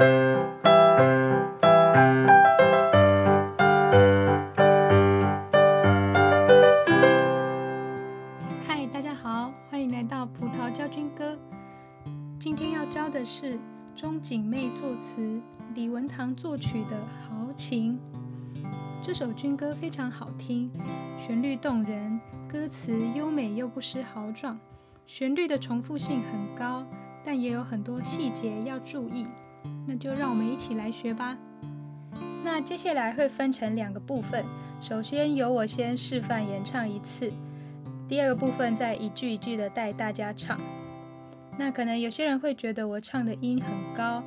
嗨，Hi，大家好，歡迎來到葡萄教軍歌。今天要教的是鍾景妹作詞、李文堂作曲的《豪情》。這首軍歌非常好聽，旋律動人，歌詞優美又不失豪壯。旋律的重複性很高，但也有很多細節要注意。那就讓我們一起來學吧。那接下來會分成兩個部分，首先由我先示範演唱一次，第二個部分再一句一句的帶大家唱。那可能有些人會覺得我唱的音很高，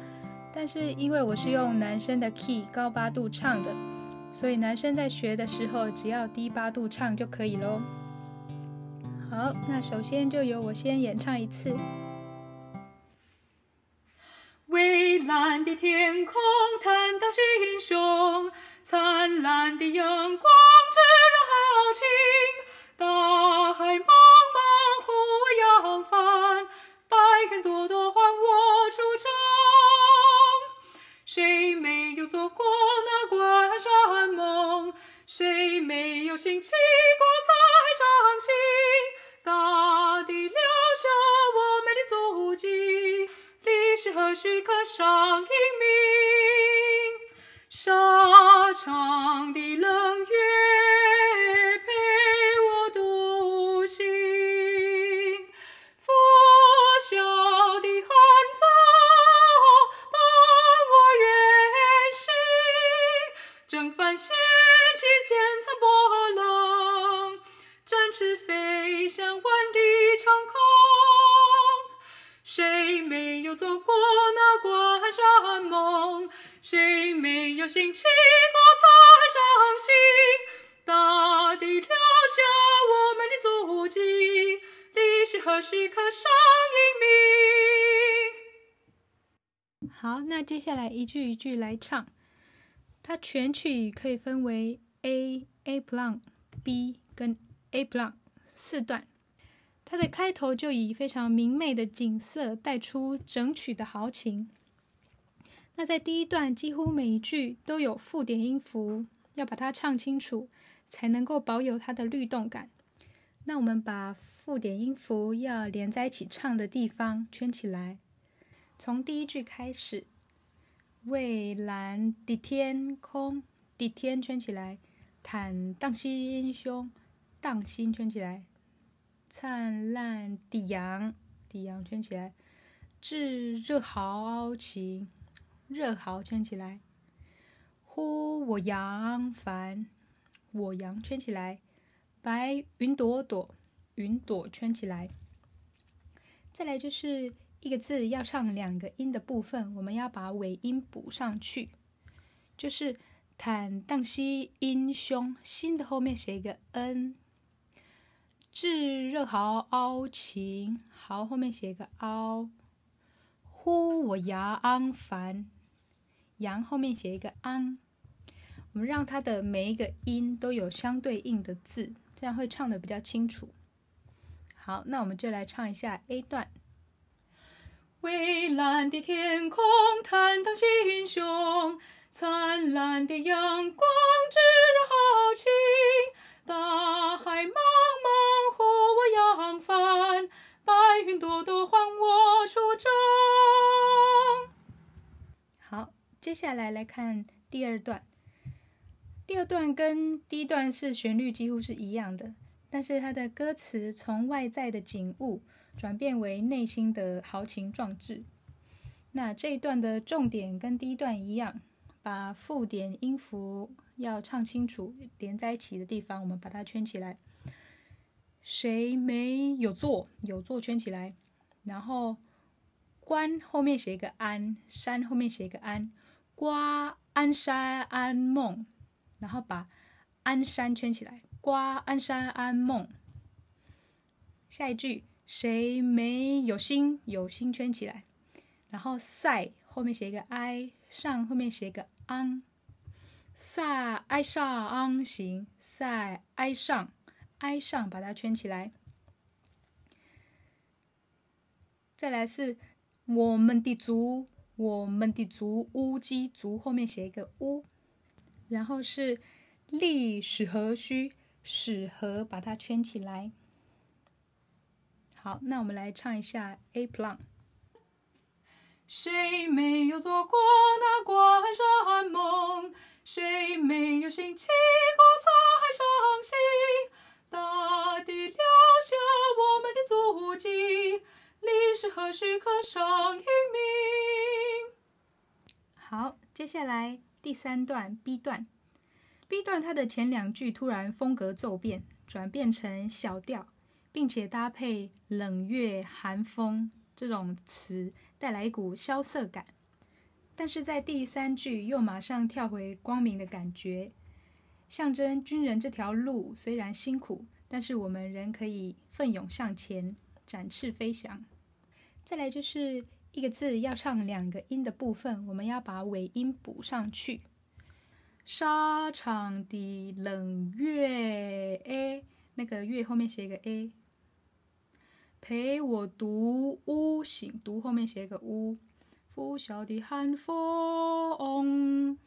但是因為我是用男生的 key 高八度唱的，所以男生在學的時候只要低八度唱就可以嘍。好，那首先就由我先演唱一次。蔚藍的天空，坦蕩心胸，燦爛的陽光熾熱豪情。大海茫茫，呼我揚帆，白雲朵朵，喚我出征。誰沒有做過那關山夢？誰沒有興？掀起千層波浪，展翅飛向萬里長空。誰沒有作過那關山夢？誰沒有興起過塞上行？大地留下我們的足跡，歷史何須刻上英名。好，那接下來一句一句來唱。它全曲可以分為 A、A 平、B 跟 A 平四段。它的開頭就以非常明媚的景色帶出整曲的豪情。那在第一段，幾乎每一句都有附點音符，要把它唱清楚，才能夠保有它的律動感。那我們把附點音符要連在一起唱的地方圈起來，從第一句開始。蔚藍的天空的天圈起來，坦蕩心胸蕩心圈起來，燦爛的陽的陽圈起來，熾熱豪情熱豪圈起來，呼我揚帆我揚圈起來，白雲朵朵雲朵圈起來，再來就是。一個字要唱兩個音的部分，我們要把尾音補上去，就是坦蕩西音胸心的後面寫一個 n，炙熱豪凹情豪後面寫一個凹，呼我揚昂帆，揚後面寫一個昂，我們讓它的每一個音都有相對應的字，這樣會唱的比較清楚。好，那我們就來唱一下 A 段。蔚藍的天空，坦蕩心胸，燦爛的陽光炙熱豪情，大海茫茫呼我揚帆，白雲朵朵喚我出征。好，接下來來看第二段。第二段跟第一段是旋律幾乎是一樣的，但是它的歌詞從外在的景物。轉變為內心的豪情壯志。那這一段的重點跟第一段一樣，把附點音符要唱清楚，連在一起的地方我們把它圈起來。誰沒有做？有做圈起來。然後關後面寫一個安，山後面寫一個安，關安山安夢，然後把安山圈起來，關安山安夢。下一句。誰沒有心？有心圈起來。然後塞後面寫一個 i，、哎、上後面寫一個 ang，塞 i 上 ang 行，塞 i、哎、上，i、嗯哎、上，、哎、上把它圈起來。再來是我們的足，我們的足烏雞足後面寫一個烏。然後是歷史何須，史何把它圈起來。好，那我們來唱一下 A plan、um。誰沒有做過那過關山夢？誰沒有興起過塞上行？大地留下我們的足跡，歷史何須刻上英名。好，接下來第三段 B 段，B 段它的前兩句突然風格驟變，轉變成小調。並且搭配“冷月寒風”這種詞，帶來一股蕭瑟感。但是在第三句又馬上跳回光明的感覺，象徵軍人這條路雖然辛苦，但是我們仍可以奮勇向前，展翅飛翔。再來就是一個字要唱兩個音的部分，我們要把尾音補上去。沙場的冷月。那個月後面寫一個 a，陪我讀屋醒，讀後面寫一個屋，拂曉的寒風，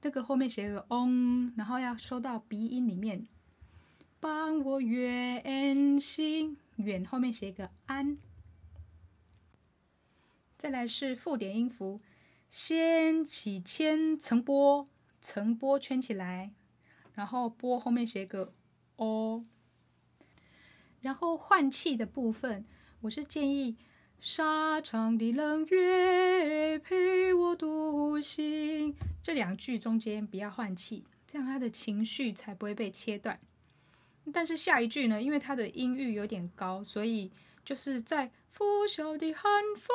這個後面寫個嗯，然後要收到鼻音裡面，伴我遠行，遠後面寫一個安。再來是附點音符，掀起千層波，層波圈起來，然後波後面寫個 o。然後換氣的部分，我是建議“沙場的冷月陪我獨醒”這兩句中間不要換氣，這樣他的情緒才不會被切斷。但是下一句呢，因為它的音域有點高，所以就是在“拂曉的寒風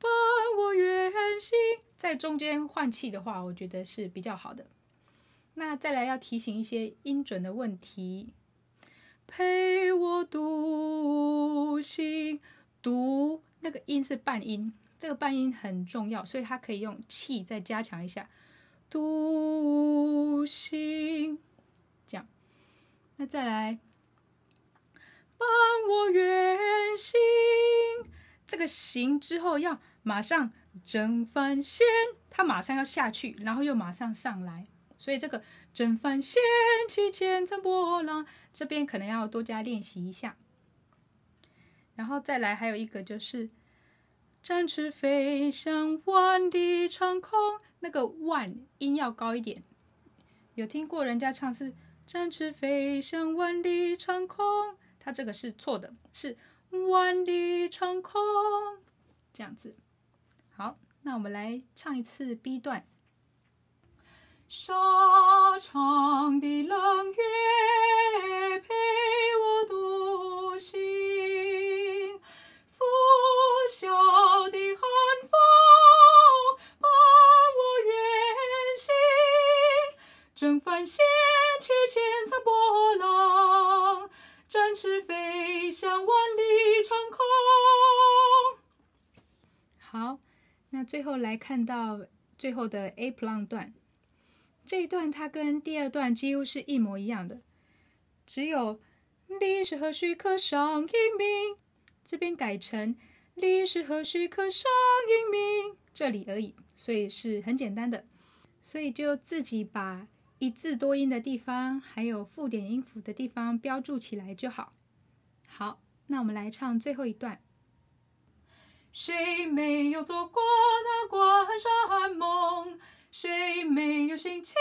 伴我遠行”在中間換氣的話，我覺得是比較好的。那再來要提醒一些音準的問題。陪我獨醒，獨那個音是半音，這個半音很重要，所以它可以用氣再加強一下。獨醒，這樣，那再來，伴我遠行，這個行之後要馬上整反線，它馬上要下去，然後又馬上上來，所以這個。征帆掀起千層波浪，這邊可能要多加練習一下。然後再來，還有一個就是展翅飛向萬里長空，那個“萬”音要高一點。有聽過人家唱是展翅飛向萬里長空，它這個是錯的，是萬里長空這樣子。好，那我們來唱一次 B 段。沙場的冷月陪我獨醒，拂曉的寒風伴我遠行。征帆掀起千層波浪，展翅飛向萬里長空。好，那最後來看到最後的 A plan 段。這一段它跟第二段幾乎是一模一樣的，只有“歷史何須刻上英名，這邊改成“歷史何須刻上英名這裡而已，所以是很簡單的，所以就自己把一字多音的地方，還有附點音符的地方標注起來就好。好，那我們來唱最後一段。誰沒有做過那關山夢？誰沒有興起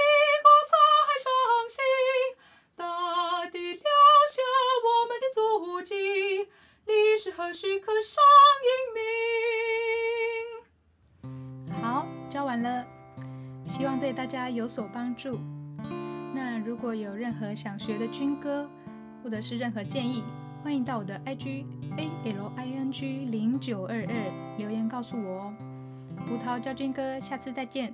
過塞上行，大地留下我們的足跡，歷史何須刻上英名。好，教完了，希望對大家有所幫助。那如果有任何想學的軍歌，或者是任何建議，歡迎到我的 IG、A、L、I、N、G A L I N G 零九二二留言告訴我哦。葡萄教軍歌，下次再見。